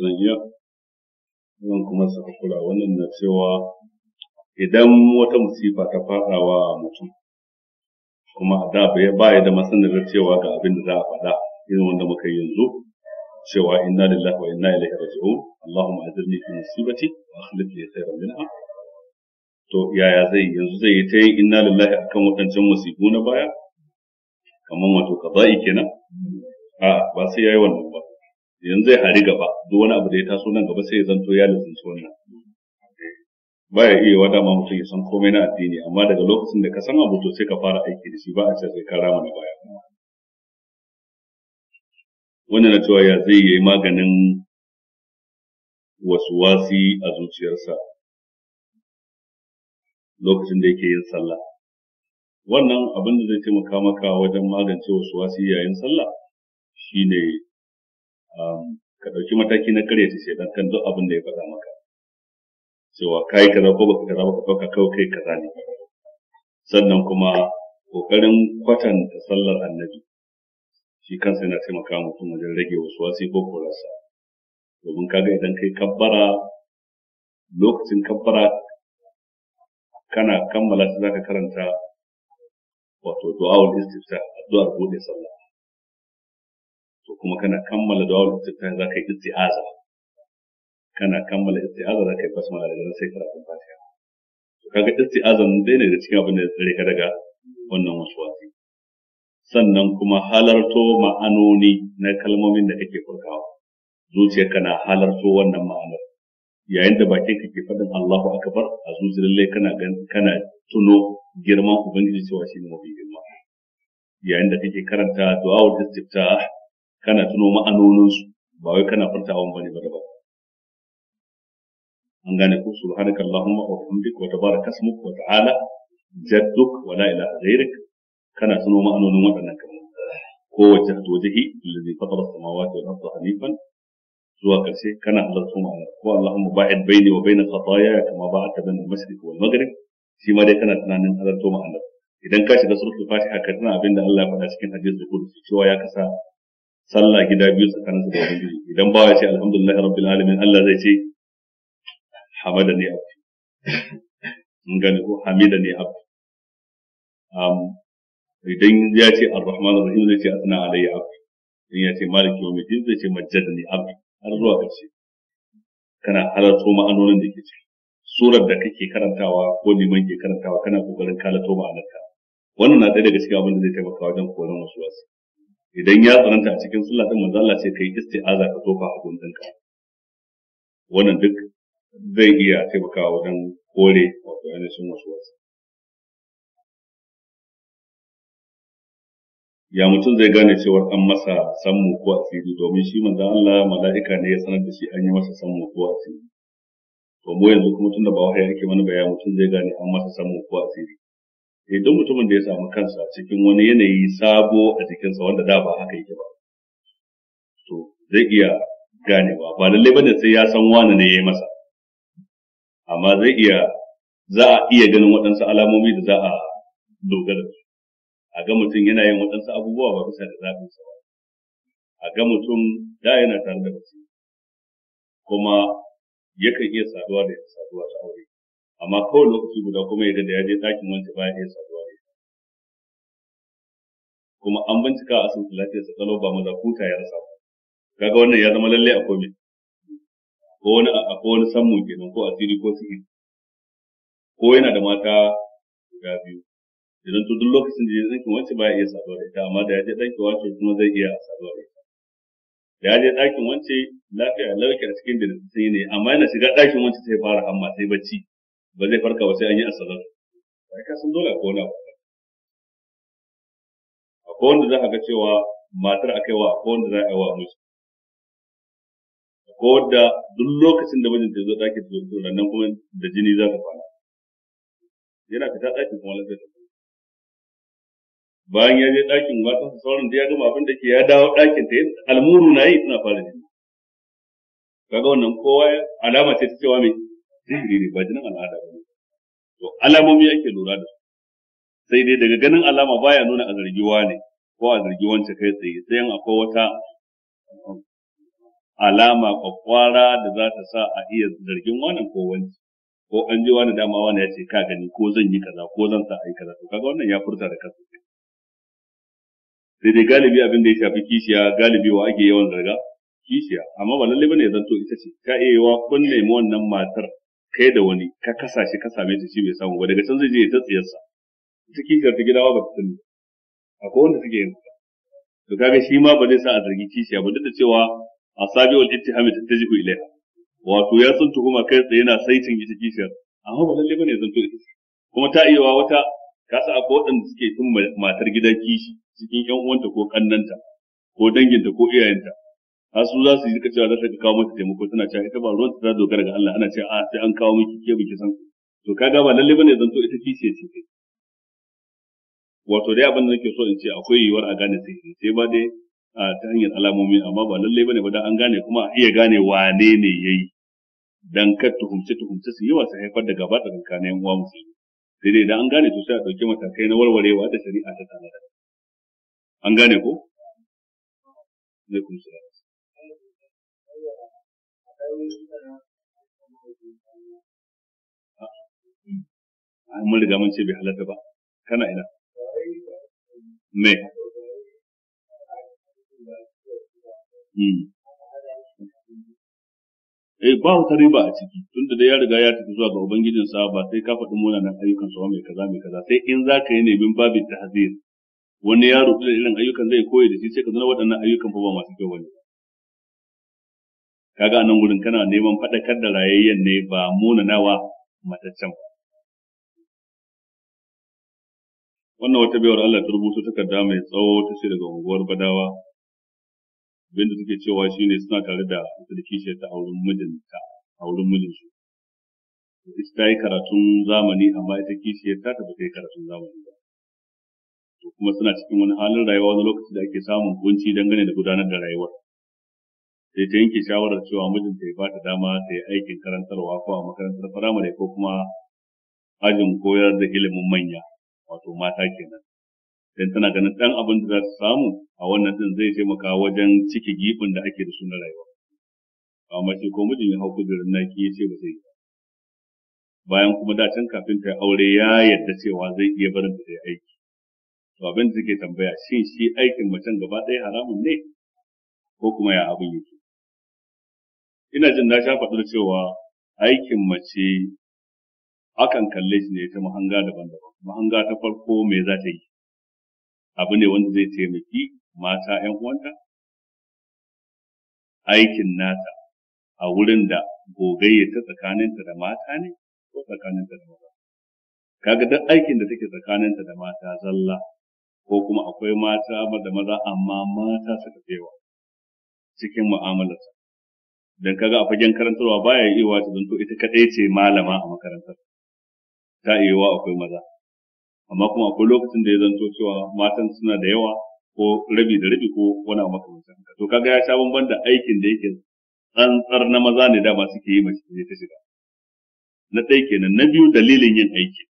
zangiya zan kuma saka kula wannan na cewa idan wata musifa ta fada wa mutum kuma a da bai ba ya da masanar cewa ga abin da za a faɗa irin wanda muka yi yanzu cewa inna lillahi wa inna ilaihi raji'un allahumma ajirni fi musibati wa akhlif li khayran minha to yaya zai yanzu zai yi ta yin inna lillahi akan wadancan musibu na baya kamar wato kaza'i kenan a ba sai yayi wannan ba yanzu zai hari gaba duk wani abu da ya taso nan gaba sai ya zanto ya lissanci wannan Ba ya iya wada ma mutum ya san komai na addini amma daga lokacin da ka san abu to sai ka fara aiki da shi ba a ce sai ka rama na baya wanda na cewa ya zai yi maganin wasu wasi a zuciyarsa lokacin da yake yin sallah wannan abin da zai taimaka maka wajen magance wasu wasi yayin sallah shine ka ɗauki mataki na karya shi don kan duk abin da ya faɗa maka cewa kai kaza ko baka kaza baka ɗauka kawai kai kaza ne sannan kuma ƙoƙarin kwatanta sallar annabi shi kansa yana taimaka mutum wajen rage wasu wasi ko korarsa domin kaga idan kai kabbara lokacin kabbara kana kammala za zaka karanta wato du'a'ul istifta addu'ar bude sallah to kuma kana kammala da wani tattahin za ka yi isti'aza kana kammala isti'aza za ka yi basmala daga nan sai karatun fatiha to kaga isti'aza nan dai ne da cikin abin da ya tsare ka daga wannan wasuwasi sannan kuma halarto ma'anoni na kalmomin da kake furkawa ka na halarto wannan ma'anar yayin da bakin ka ke faɗin Allahu akbar a zuciyar lallai kana kana tuno girman ubangiji cewa shi ne mafi girma yayin da kake karanta du'a istiftah kana tuno ma'anoninsu ba wai kana furtawan bane ba da ba an gane ku subhanaka allahumma wa bihamdika wa tabarak ismuk wa ta'ala jadduk wa la ilaha ghairik kana tuno ma'anonin waɗannan kalmomi kowace ta wajihi allazi fatara samawati wal arda hanifan zuwa ƙarshe kana halarta ma'ana ko allahumma ba'id baini wa baina khataaya kama ba'adta baina al-mashriq wal maghrib shi ma dai kana tunanin halarta ma'ana idan ka shiga suratul fatiha ka tuna abin da Allah ya faɗa cikin hadisi da kullu cewa ya kasa sallah gida biyu tsakanin da ubangiji idan ba ya ce alhamdulillah rabbil alamin Allah zai ce hamada ne abu in gani ko hamida ne abu idan ya ce ar-rahman ar-rahim zai ce asna alayya abu idan ya ce malik yawmiddin zai ce ne abu har zuwa ƙarshe kana halarto ma'anonin da ke ciki surar da kake karantawa ko liman ke karantawa kana kokarin kalato ma'anarta wannan na ɗaya daga cikin abin da zai taimaka wajen koyon wasu wasu idan ya tsananta a cikin sallah din manzo Allah sai kai isti'aza ka tofa a gundin ka wannan duk zai iya taimakawa wajen kore wato sun wasu wasu ya mutum zai gane cewar an masa sanmu ko asiri domin shi manzo Allah mala'ika ne ya sanar da shi an yi masa samu ko asiri to mu yanzu kuma tunda ba wahayi yake mana ba ya mutum zai gane an masa samu ko asiri idan eh, mutumin da ya samu kansa cikin wani yanayi sabo a jikinsa wanda da ba haka yake ba to zai iya ganewa ba lallai bane sai ya san wani ne ya yi masa amma zai iya za a iya ganin waɗansu alamomi da za a dogara su a ga mutum yana yin waɗansu abubuwa ba bisa da zabinsa ba a ga mutum da yana tare da mace kuma yakan iya saduwa da saduwa ta aure amma kawai lokaci guda kuma idan da ya je ɗakin wancan baya iya saduwa ne kuma an bincika a asibiti lafiyar sa ba maza kuta ya rasa kaga wannan ya zama lalle akwai mai ko wani ko wani sammun kenan ko asiri ko sihiri ko yana da mata guda biyu idan to duk lokacin da ya ɗakin wancan baya iya saduwa da ita amma da ya je ɗakin wancan kuma zai iya saduwa da ita da ya je ɗakin wancan lafiya lauke a cikin da sai ne amma yana shiga ɗakin wancan sai fara hamma sai bacci ba zai farka ba sai an yi asalar sai ka san dole ko na akwai wanda za a ga cewa matar yi wa akwai wanda za a yi wa musu akwai wanda duk lokacin da mijin ta zo ɗakin ta zo nan kuma da jini za ta fara yana fita ɗakin kuma lantar ta bayan ya je ɗakin matarsa sauran da ya gama abin da ke ya dawo ɗakin ta almuru na yi suna fara jini kaga wannan kowa alama ce ta cewa mai sihiri ne ba jinin al'ada ba ne to alamomi ake lura da su sai dai daga ganin alama baya nuna a zargiwa ne ko a zargi wance kai tsaye sai akwai wata um, alama kwakwara da za ta sa a iya zargin wannan ko wani ko an ji wani dama wani ya ce ka gani ko zan yi kaza ko zan sa yi kaza to kaga wannan ya furta da kansa sai dai galibi abin da ya shafi kishiya galibi wa ake yawan zarga kishiya amma ba lallai bane ya zanto ita ce ka iya yiwa kunne wannan matar kai da wani ka kasa shi ka same shi shi bai samu ba daga can zai je ya tsiyarsa ita kishiyar ta gidawa ba ta sani akwai wanda suke yin haka to kaga shi ma ba zai sa a zargi kishiya ba duk da cewa a ta ittihami tattajihu ilaiha wato ya san tuhuma kai tsaye yana saitin ita kishiyar amma ba lalle bane zanto ita kuma ta iya wa wata ka sa akwai waɗanda suke tun matar gida kishi cikin 'yan uwanta ko kannanta ko danginta ko iyayenta har za su yi cewa za ta kawo mata taimako tana cewa ita ba ruwan ta dogara ga Allah ana cewa a sai an kawo miki ke biki san to kaga ba lalle bane zanto ita kishi ce kai wato dai abin da nake so in ce akwai yiwuwar a gane sai sai ba dai a ta hanyar alamomi amma ba lalle bane ba dan an gane kuma a iya gane wane ne yayi dan kar tuhumce tuhumce su yawa su haifar da gaba tsakanin uwa musulmi sai dai dan an gane to sai a dauki matakai na warwarewa da shari'a ta tsara an gane ko alaikum salam mun riga mun ce bai halatta ba kana ina me hmm. eh ba wata riba a ciki tunda da ya riga ya tafi zuwa ga ubangijinsa ba sai ka faɗi munanan ayyukan sa mai kaza mai kaza sai in za ka yi ne bin babin tahzir wani yaro da irin ayyukan zai koyi da shi sai ka zana waɗannan ayyukan ba masu kyau bane kaga nan gurin kana neman faɗakar da rayayyen ne ba munanawa mataccen ba wannan wata biyar Allah ta rubuta takarda mai tsawo ta ce daga unguwar Badawa abinda suke cewa shine suna tare da sulki ta auren mijinta auren mijinsu ita ta yi karatun zamani amma ita kishiyar ta tafi ta yi karatun zamani ba to kuma suna cikin wani halin rayuwa wani lokaci da ake samun kunci dangane da gudanar da rayuwar sai ta yanke shawarar cewa mijinta ya bata dama ta yi aikin karantarwa ko a makarantar firamare ko kuma ajin koyar da ilimin manya wato mata kenan dan tana ganin dan abin da za su samu a wannan din zai taimaka wajen cike gibin da ake da su na rayuwa amma shi ko mijin ya hau kudirin naki ya ce ba zai bayan kuma da can kafin ta aure ya yadda cewa zai iya barin ta aiki to abin da take tambaya shin shi aikin macen gaba ɗaya haramun ne ko kuma ya abin yake ina jin na sha faɗar cewa aikin mace akan kalle shi ne ta mahanga daban-daban mahanga ta farko me za ta yi abu ne wanda zai taimaki mata 'yan uwanta aikin nata a wurin da gogayya ta tsakaninta da mata ne ko tsakaninta da mata kaga duk aikin da take tsakaninta da mata zalla ko kuma akwai mata da maza amma mata suka fewa cikin mu'amalarsa dan kaga a fagen karantarwa baya yiwa ta zanto ita kadai ce malama a makarantar ta wa akwai maza amma kuma akwai lokacin da ya zanto cewa matan suna da yawa ko rabi da rabi ko wani abu makamancin haka to kaga ya sha bamban da aikin da yake tsantsar na maza ne dama suke yi mace ta shiga na ɗaya kenan na biyu dalilin yin aiki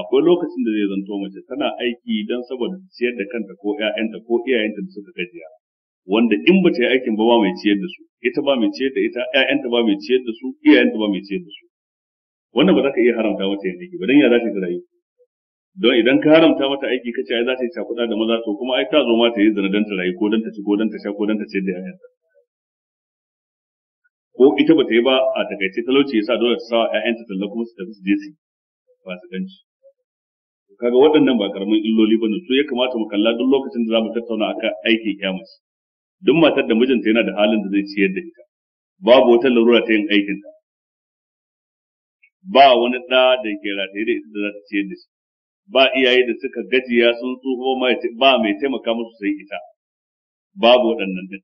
akwai lokacin da zai zanto mace tana aiki don saboda ciyar da kanta ko 'ya'yanta ko iyayenta da suka gajiya wanda in ba ta yi aikin ba ba mai ciyar da su ita ba mai ciyar da ita ƴaƴanta ba mai ciyar da su iyayenta ba mai ciyar da su wannan ba za ka iya haramta mata yin aiki ba dan ya za ta rayu don idan ka haramta mata aiki kace ai za ta yi cakuɗa da maza to kuma ai ta zo ma ta yi zana dan ta rayu ko dan ta ci ko dan ta sha ko dan ta ciyar da ƴaƴanta ko ita ba ta yi ba a takaice talauci ya sa dole ta sa ƴaƴanta talla kuma su tafi su je su ba su ganci kaga waɗannan ba karamin illoli bane su ya kamata mu kalla duk lokacin da za mu tattauna akan aikin kyamus duk matar da mijinta yana da halin da zai ciyar da ita babu wata larura ta yin aikinta. ta ba wani ɗa da ke rataye da ita da za ta ciyar da shi ba iyaye da suka gajiya sun tsoho ba mai taimaka musu sai ita babu waɗannan din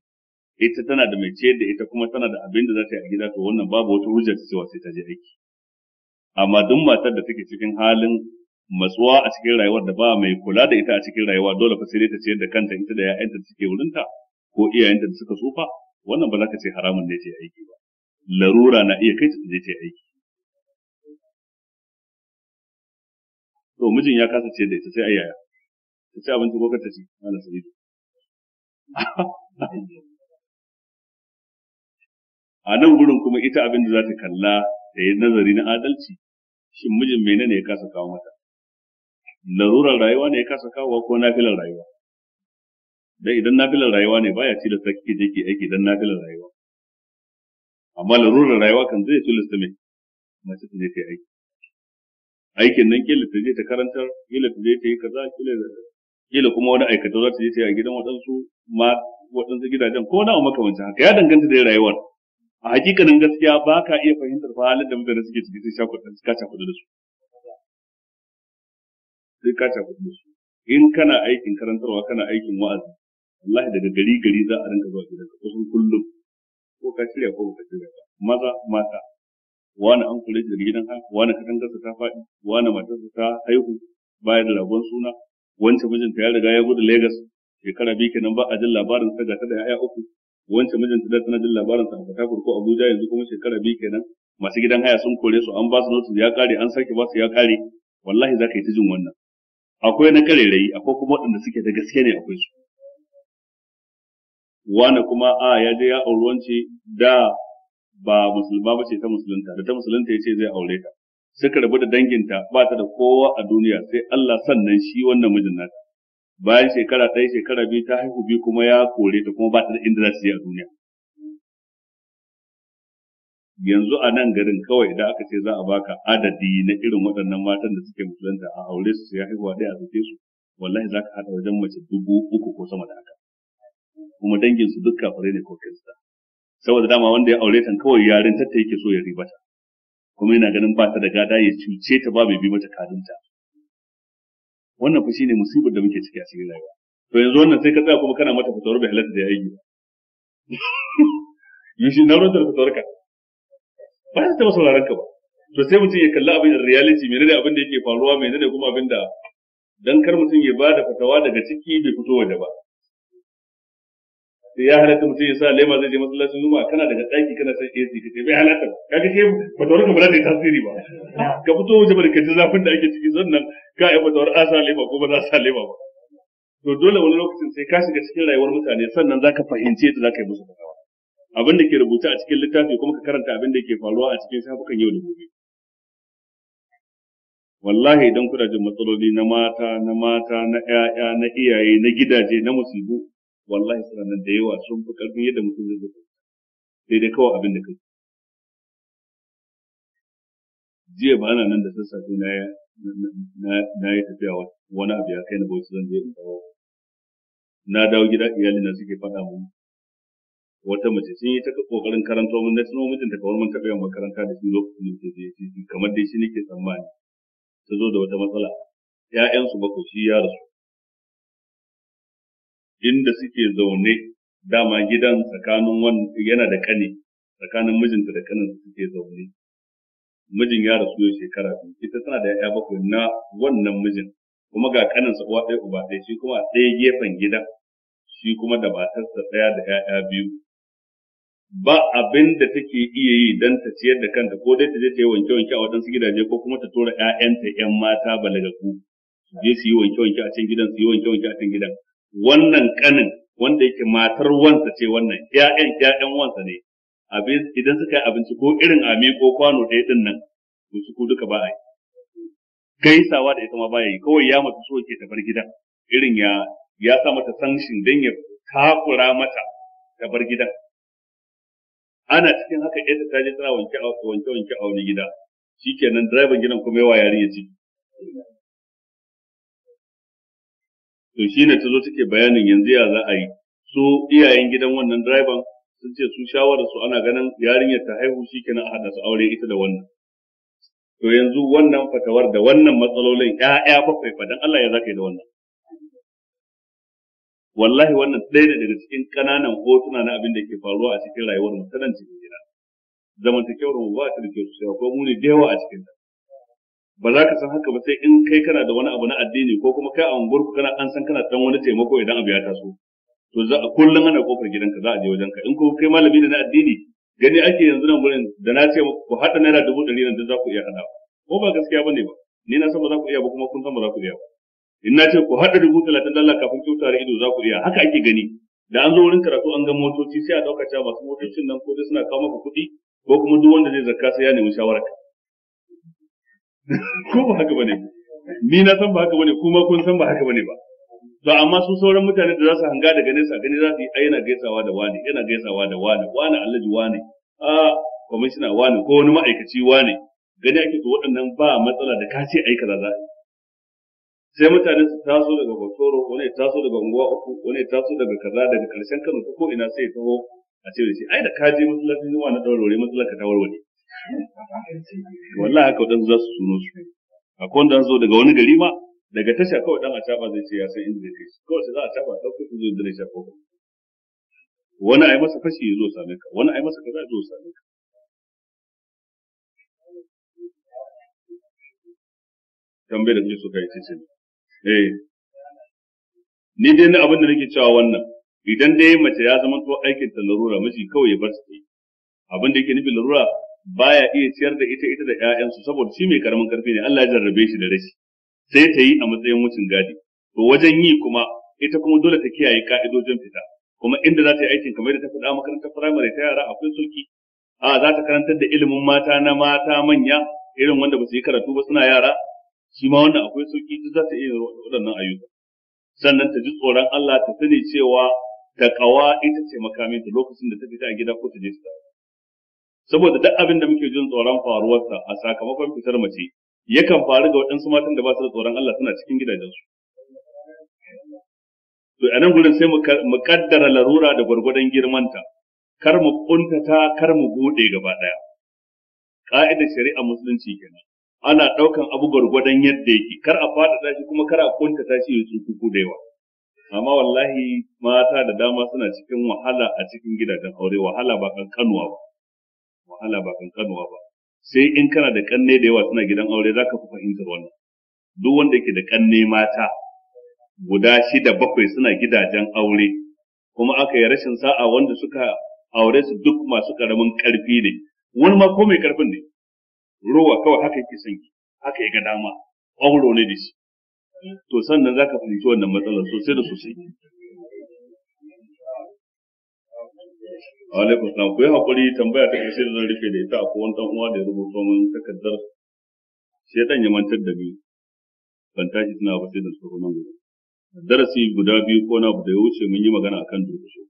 ita tana da mai ciyar da ita kuma tana da abin da za ta yi a gida to wannan babu wata hujjar cewa sai ta je aiki amma duk matar da take cikin halin matsuwa a cikin rayuwar da ba mai kula da ita a cikin rayuwa dole fa sai ta ciyar da kanta ita da 'ya'yanta da suke wurinta ko iyayenta da suka tsufa wannan ba za ka ce haramun ne ce aiki ba larura na iya kai ta ce aiki to mijin ya kasa ce da ita sai ayyaya ta ci abinci ko ta ci ana sabido a nan gurin kuma ita abin da za ta kalla da yi nazari na adalci shin mijin menene ya kasa kawo mata larurar rayuwa ne ya kasa kawo ko nafilar rayuwa dai idan nafilar rayuwa ne baya ci da sake je ke aiki dan nafilar rayuwa amma larurar rayuwa kan zai ci lissa mai mace ta je ta aiki aikin nan kila ta je ta karantar kila ta je ta yi kaza kila kila kuma wani aikata za ta je ta yi a gidan waɗansu ma waɗansu gidajen ko na makamancin haka ya danganta da rayuwar a hakikanin gaskiya ba ka iya fahimtar fa halin da mutane suke ciki sai ka shafa da su sai ka shafa da su in kana aikin karantarwa kana aikin wa'azi wallahi daga gari gari za a rinka zuwa ka kusan kullum ko ka shirya ko ka shirya ba maza mata wani an kula daga gidan ka wani katangarsa ta faɗi wani matarsa ta haihu Bayan labon suna wancan mijinta ya riga ya gudu Legas shekara biyu kenan ba a jin labarin sa ga ta da 'ya'ya uku wancan mijinta da tana jin labarin sa a Fatakur ko Abuja yanzu kuma shekara biyu kenan masu gidan haya sun kore su an ba su notice ya kare an sake ba su ya kare wallahi za ka yi ta jin wannan akwai na karerayi akwai kuma waɗanda suke da gaske ne akwai su wani kuma a ya je ya auri da ba musulma ba ce ta musulunta da ta musulunta ya ce zai aure ta suka rabu da danginta ba ta da kowa a duniya sai Allah sannan shi wannan mijin nata bayan shekara ɗaya shekara biyu ta haihu biyu kuma ya kore ta kuma ba ta da inda za su a duniya yanzu a nan garin kawai idan aka ce za a baka adadi na irin waɗannan matan da suke musulunta a aure su ya haihuwa ɗaya a sake su wallahi za ka haɗa wajen mace dubu uku ko sama da haka kuma dangin su duk kafirai ne ko kirista saboda dama wanda ya aure tan kawai yarin tatta yake so ya riba ta kuma yana ganin ba ta da gada ya cuce ta ba bai bi mata kadinta wannan fa shine musibar da muke ciki a cikin rayuwa to yanzu wannan sai ka tsaya kuma kana mata fatawar bai halatta da ya yi yushi na ruwan da ka ba ta taba sauraron ka ba to sai mutum ya kalli abin reality menene abin da yake faruwa menene kuma abin da dan kar mutum ya bada fatawa daga ciki bai fito waje ba sai ya halatta mutum ya sa lema zai je masallacin juma'a kana daga daki kana san AC ka ce bai halatta ba kaga ke fatawar ka ba za tasiri ba ka fito waje barkaci zafin da ake ciki sannan ka yi fatawar a sa lema ko ba za sa lema ba to dole wani lokacin sai ka shiga cikin rayuwar mutane sannan zaka fahimce ta zaka yi musu fatawa abin da ke rubuta a cikin littafi kuma ka karanta abin da ke faruwa a cikin shafukan yau da gobe wallahi idan kuna jin matsaloli na mata na mata na ƴaƴa na iyaye na gidaje na musibu wallahi suna nan da yawa sun fi karfin yadda mutum zai zai sai dai kawai abin da kai jiya ba ana nan da sassafe na na yi tafiya wani abu ya kai na bauchi zan je in dawo na dawo gida iyali na suke faɗa mu wata mace sun yi ta kokarin karanto mun na tuno mutum ta kawar mun taɓa yawan makaranta da shi lokacin da ke je kamar dai shi nake tsammani ta zo da wata matsala ‘ya'yansu bakwai shi ya rasu inda suke zaune dama gidan tsakanin wani yana da kane tsakanin mijinta da kanin suke zaune mijin ya rasu ya shekara biyu ita tana da ya'ya bakwai na wannan mijin kuma ga kanin sa uwa ɗaya uba ɗaya shi kuma ɗaya gefen gidan, shi kuma da matarsa ɗaya da ya'ya biyu ba abin da take iya yi don ta ciyar da kanta ko dai ta je ta yi wanke-wanke a waɗansu gidaje ko kuma ta tura 'ya'yanta 'yan mata balagaku je su yi wanke-wanke a cikin gidan su yi wanke-wanke a cikin gidan wannan kanin wanda yake matar wansa ce wannan ƴaƴan ƴaƴan wansa ne abin idan suka yi abinci ko irin ami ko kwano ɗaya din nan to su duka ba a yi gaisawa da ita ma ba yi kawai ya mata so ke ta bar gidan irin ya ya sa mata sanshin dan ya takura mata ta bar gidan ana cikin haka ita ta je tana wanke wanke wanke a wani gida shikenan direban gidan kuma yawa yari ya ci to ne ta zo take bayanin yanzu ya za a yi su iyayen gidan wannan direban sun ce su shawararsu su ana ganin yarinyar ta haihu shi kenan a haɗa su aure ita da wannan to yanzu wannan fatawar da wannan matsalolin 'ya'ya bakwai fa dan Allah ya zaka da wannan wallahi wannan ɗaya ne daga cikin ƙananan hotuna na abin da ke faruwa a cikin rayuwar mu sanan cikin gida zamantakewar mu ba ta da su sosai ko mu ne da a cikin ta ba za ka san haka ba sai in kai kana da wani abu na addini ko kuma kai a unguwarku kana an san kana dan wani taimako idan abu ya taso to za a kullum ana kofar gidanka za a je wajenka in ko kai malami da na addini gani ake yanzu nan gurin da na ce ku haɗa naira dubu ɗari nan duk za ku iya haɗa ko ba gaskiya bane ba ni na san ba za ku iya ba kuma kun san ba za ku iya ba in na ce ku haɗa dubu talatin dala kafin kyauta tare ido za ku iya haka ake gani da an zo wurin karatu an ga motoci sai a ɗaukaca masu motocin nan ko dai suna kawo maka kuɗi ko kuma duk wanda zai zakka sai ya nemi shawarar ko ba haka bane ni na san ba haka bane kuma kun san ba haka bane ba to amma su sauran mutane da za su hanga daga nesa gani za su yi yana gaisawa da wani yana gaisawa da wani wani allaji wani a kwamishina wani ko wani ma'aikaci wani gani ake to waɗannan ba matsala da ka ce ai kaza za sai mutane su taso daga bakoro wani taso daga unguwa uku wani taso daga kaza daga karshen Kano ko ina sai ya taho a ce da shi ai da ka je masallacin zuwa na daurare masallar ka ta warware wallahi haka wadansu za su suno su akwai wanda zo daga wani gari ma daga tasha kawai dan a caba zai ce ya san inda zai kai shi kawai sai za a caba ta kai zo shi a shafa wani ayi masa fashi ya zo same ka wani ayi masa kaza ya zo same ka tambayar da kake so kai ce eh ni dai na abin da nake cewa wannan idan dai mace ya zama to aikin ta larura miji kawai ya bar su abin da yake nufin larura baya iya ciyar da ita ita da ƴaƴansu saboda shi mai karamin karfi ne Allah ya jarrabe shi da rashi sai ta yi a matsayin wucin gadi to wajen yi kuma ita kuma dole ta kiyaye ka'idojin fita kuma inda za ta yi aikin kamar da ta faɗa makarantar firamare ta yara akwai sulki a za ta karantar da ilimin mata na mata manya irin wanda ba su yi karatu ba suna yara shi ma wannan akwai sulki duk za ta iya waɗannan ayyuka sannan ta ji tsoron Allah ta sani cewa ta kawa ita ce makamin lokacin da ta fita a gida ko ta je ta saboda duk abin da muke jin tsoron faruwarsa a sakamakon fitar mace yakan faru ga waɗansu matan da ba su da tsoron Allah suna cikin gidajensu to a nan gurin sai mu kaddara larura da gwargwadon girmanta kar mu kuntata kar mu buɗe gaba ɗaya. ka'idar shari'a musulunci kenan ana ɗaukar abu gwargwadon yadda yake kar a faɗaɗa shi kuma kar a kuntata shi ya tsukuku da yawa amma wallahi mata da dama suna cikin wahala a cikin gidajen aure wahala ba kan kanuwa ba wahala ba kankanuwa ba sai in kana da kanne da yawa suna gidan aure zaka fi fahimtar wannan duk wanda yake da kanne mata guda shida bakwai suna gidajen aure kuma aka yi rashin sa'a wanda suka aure su duk masu karamin karfi ne wani ma ko mai karfin ne ruwa kawai haka yake son ki haka ya ga dama auro ne da shi to sannan zaka fahimci wannan matsalar sosai da sosai alaikum salam ku yi hakuri tambaya ta ƙarshe, da zan rufe da ita ko wani dan uwa da ya rubuta min takardar sai dan ya mantar da ni ban tashi tana ba sai da tsoro nan gudu darasi guda biyu ko na da ya wuce mun yi magana akan durkusu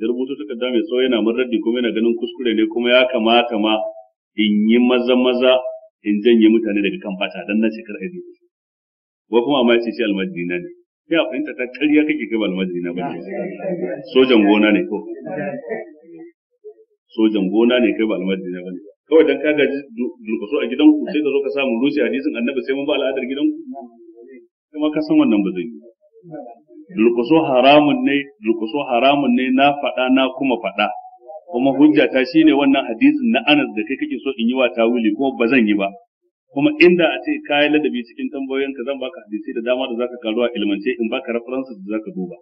ya rubuta takarda mai tsawo yana mun raddi kuma yana ganin kuskure ne kuma ya kamata ma in yi maza maza in janye mutane daga kan fata dan na shekar aiki wai kuma amma ya ce shi almajiri na ne sai a fahimta ta karya kake kai ba almajiri na bane sojan gona ne ko sojan gona ne kai ba almajiri na bane kawai dan ka gaji durkuso a gidanku sai ka zo ka samu rushe hadisin annabi sai mun ba al'adar ku kuma ka san wannan ba zai yi durkuso haramun ne durkuso haramun ne na faɗa na kuma faɗa kuma hujja ta shine wannan hadisin na Anas da kai kake so in yi wa tawili ko ba zan yi ba kuma inda a ce kayan ladabi cikin tambayoyinka zan baka hadisi da dama da zaka karuwa ilmance in baka references da zaka duba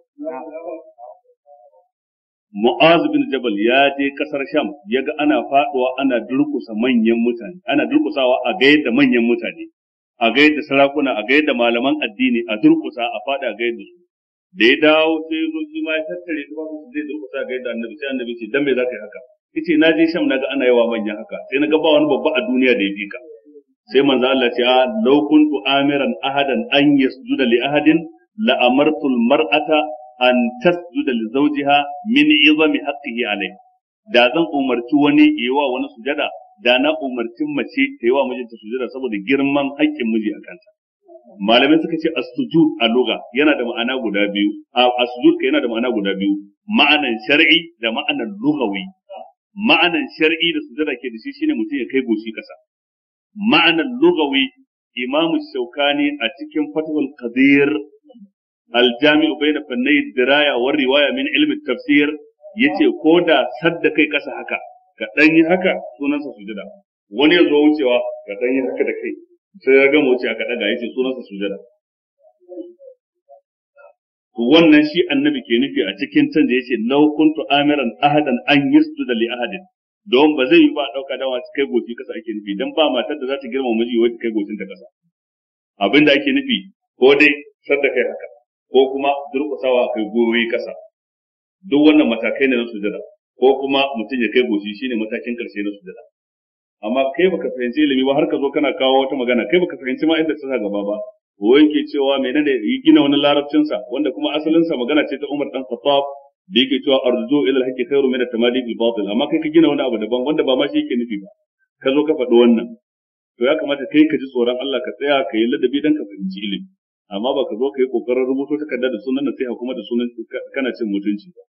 Mu'az bin Jabal ya je kasar Sham ya ga ana faduwa ana durkusa manyan mutane ana durkusawa a ga da manyan mutane a ga da sarakuna a ga da malaman addini a durkusa a fada ga da su da ya dawo sai zo shi ma ya tattare su babu zai durkusa ga da annabi sai annabi ce dan me zaka yi haka yace na je Sham naga ana yawa manyan haka sai naga ba wani babba a duniya da ya bi ka sai manzo Allah ce law kuntu amiran ahadan an yasjuda li ahadin la amartu mar'ata an tasjuda li zawjiha min izami haqqihi alai da zan umarci wani yawa wani sujada da na umarci mace ta yawa mijinta sujada saboda girman haƙƙin miji a kanta malamai suka ce as-sujud a lugha yana da ma'ana guda biyu as-sujud ka yana da ma'ana guda biyu ma'anan shar'i da ma'anan lughawi ma'anan shar'i da sujada ke da shi shine mutum ya kai goshi kasa ma'anar lugawi imam shaukani a cikin fatwal qadir aljami'u bayna fannai diraya wa riwaya min ilmi tafsir yace ko da sadda kai kasa haka ka dan yi haka sunansa sujada wani ya zo wucewa ka dan yi haka da kai sai ya gama wucewa ka daga yace sunansa sujada to wannan shi annabi ke nufi a cikin can yace law kuntu amiran ahadan an ahadin don ba zai yi ba ɗauka dawa su kai goshi kasa ake nufi don ba matar da za ta girma miji wacce kai goshin ta kasa abin da ake nufi ko dai da kai haka ko kuma durƙusawa kai goyi kasa duk wannan matakai ne na sujada ko kuma mutum ya kai shi shine matakin karshe na sujada amma kai baka fahimci ilimi ba har ka zo kana kawo wata magana kai baka fahimci ma inda ta sa gaba ba ko yake cewa menene yi gina wani larabcinsa wanda kuma asalinsa magana ce ta Umar dan Khattab da yake cewa arzu ila alhaqi khairu min at-tamadi bil batil amma kai ka gina wani abu daban wanda ba ma shi yake nufi ba ka zo ka faɗi wannan to ya kamata kai ka ji tsoron Allah ka tsaya ka yi ladabi dan ka fahimci ilimi amma ba ka zo ka yi kokarin rubuto takarda da sunan nasiha kuma da sunan kana cin mutunci ba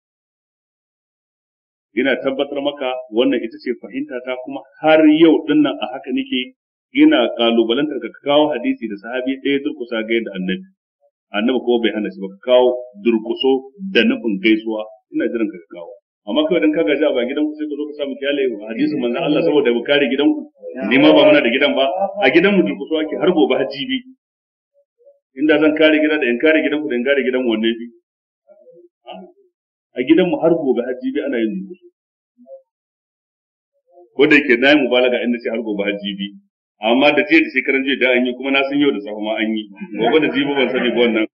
ina tabbatar maka wannan ita ce fahimta ta kuma har yau dinnan a haka nake ina kalubalantar ka kawo hadisi da sahabi ɗaya durkusa ga yadda annabi annabi kuma bai hana shi ba kawo durkuso da nufin gaisuwa ina jiran ka kawo amma kawai dan ka gaji a ba ku sai ka zo ka samu kyale hadisin manzon Allah saboda mu kare ku ni ma ba muna da gidan ba a gidan mu durkuso ake har gobe har bi inda zan kare gida da in kare gidan ku da in kare gidan wanne bi a mu har gobe hajji bi ana yin durkuso ko da yake na yi mubalaga inda ce har gobe har bi amma da jiya da shekaran jiya da an yi kuma na san yau da safe ma an yi gobe da jibi ban sani ba wannan